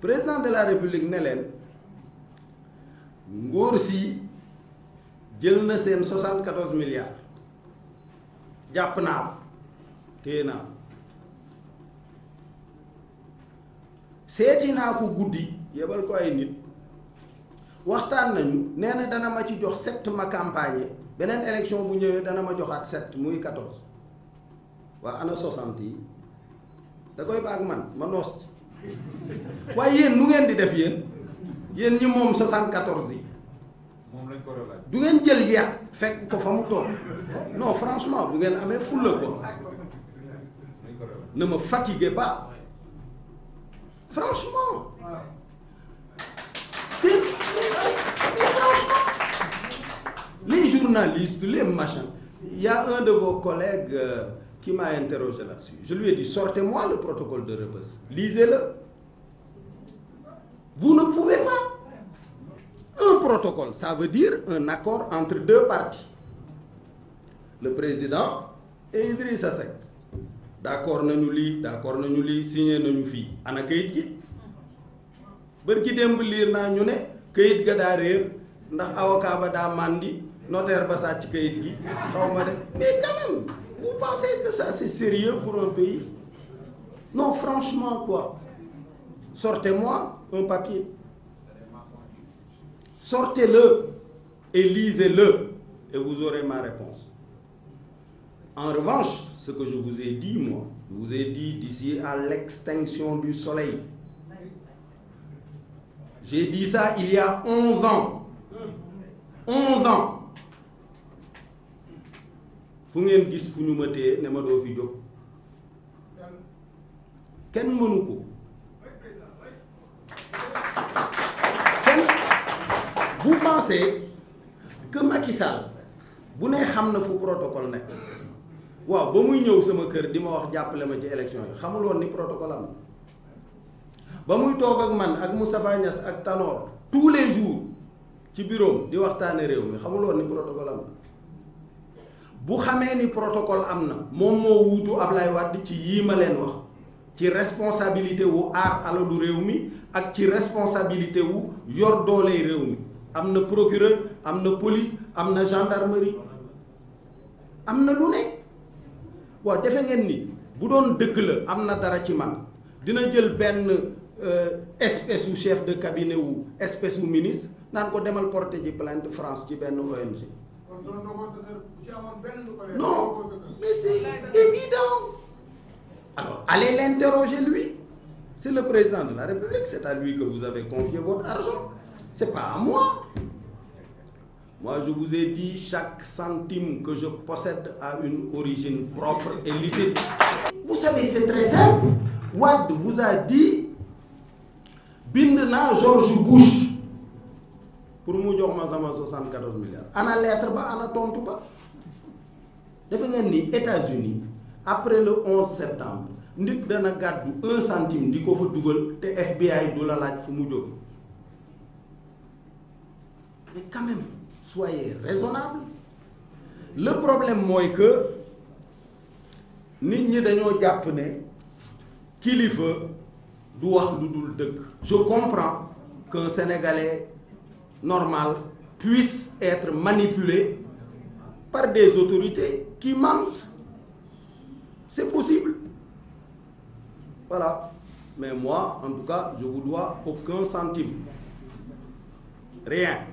président de la république ne leen nguur si jël na seen 74 milliards jàpp naa ko téye naa seeti naa ko guddi yebal ko ay nit waxtaan nañu nee na dana ma ci jox sept ma campagne beneen élection bu ñëwee dana ma joxaat sept muy 14 waa ana 60 yi da koy baag man ma noos ci waaye yéen nu ngeen di def yéen yéen ñi moom 74 yi. moom lañ ko du ngeen jël yàq fekk ko fa mu toog non franchement bu ngeen amee fulla ko ne me fatiguez pas franchement. c'est franchement les journalistes les machins il un de vos collègues. Euh, qui m'a interrogé là-dessus. Je lui ai dit, sortez-moi le protocole de Rebus, lisez-le. Vous ne pouvez pas. Un protocole, ça dire un accord entre deux parties. Le président et Idrissa Seck. d'accord nañu lii d'accord nañu lii signé nañu fii ana kayit gi bër gi démb liir naa ñu ne këyit ga daa réer ndax avocat ba daa màndi notaire ba sàcc kayit gi xaw ma de mais quand que ça c'est sérieux pour un pays non franchement quoi sortez-moi un papier sortez-le et lisez-le et vous aurez ma réponse en revanche ce que je vous ai dit moi je vous ai dit d'ici à l'extinction du soleil j'ai dit ça il y a 11 ans 11 ans fu ngeen gis fu ñu ma téye ne ma doo fi jóg kenn mënu ko kenn vous pensez que Macky Sall bu ne xam na fu protocole nekk waaw ba muy ñëw sama kër di ma wax jàppale ma ci élection yi xamul ni protocole ba muy toog ak man ak Moustapha Niass ak Tanor tous les jours ci bureau di waxtaane réew mi xamul woon ni protocole am bu xamee ni protocole am na moom moo wuutu Ablaye Wade ci yii ma leen wax ci responsabilité wu aar alalu réew mi ak ci responsabilité wu yor dooley réew mi am na procureur am na police am na gendarmerie am na lu ne waaw defe ngeen ni bu doon dëgg la am na dara ci man dina jël benn euh, espèce u chef de cabinet wu espèce u ministre naan ko demal porté porter ji de France ci benn ONG Non, mais c'est évident. Alors, allez l'interroger lui. C'est le président de la République, c'est à lui que vous avez confié votre argent. C'est pas à moi. Moi, je vous ai dit, chaque centime que je possède a une origine propre et licite. Vous savez, c'est très simple. Wade vous a dit, bind naa George pour mu jox ma sama 74 milliards ana lettre ba ana tontu ba defe ngeen ni États-Unis après le 11 septembre nit dana gàddu un centime di ko fa dugal te FBI du la laaj fu mu jóg mais quand même soyez raisonnable problème mooy que nit ñi dañoo jàpp ne kilifa du wax lu dul dëgg. je comprends qu'un Sénégalais. normale puisse être manipulée par des autorités qui mentent. C'est possible. Voilà. Mais moi, en tout cas, je vous dois aucun centime. Rien.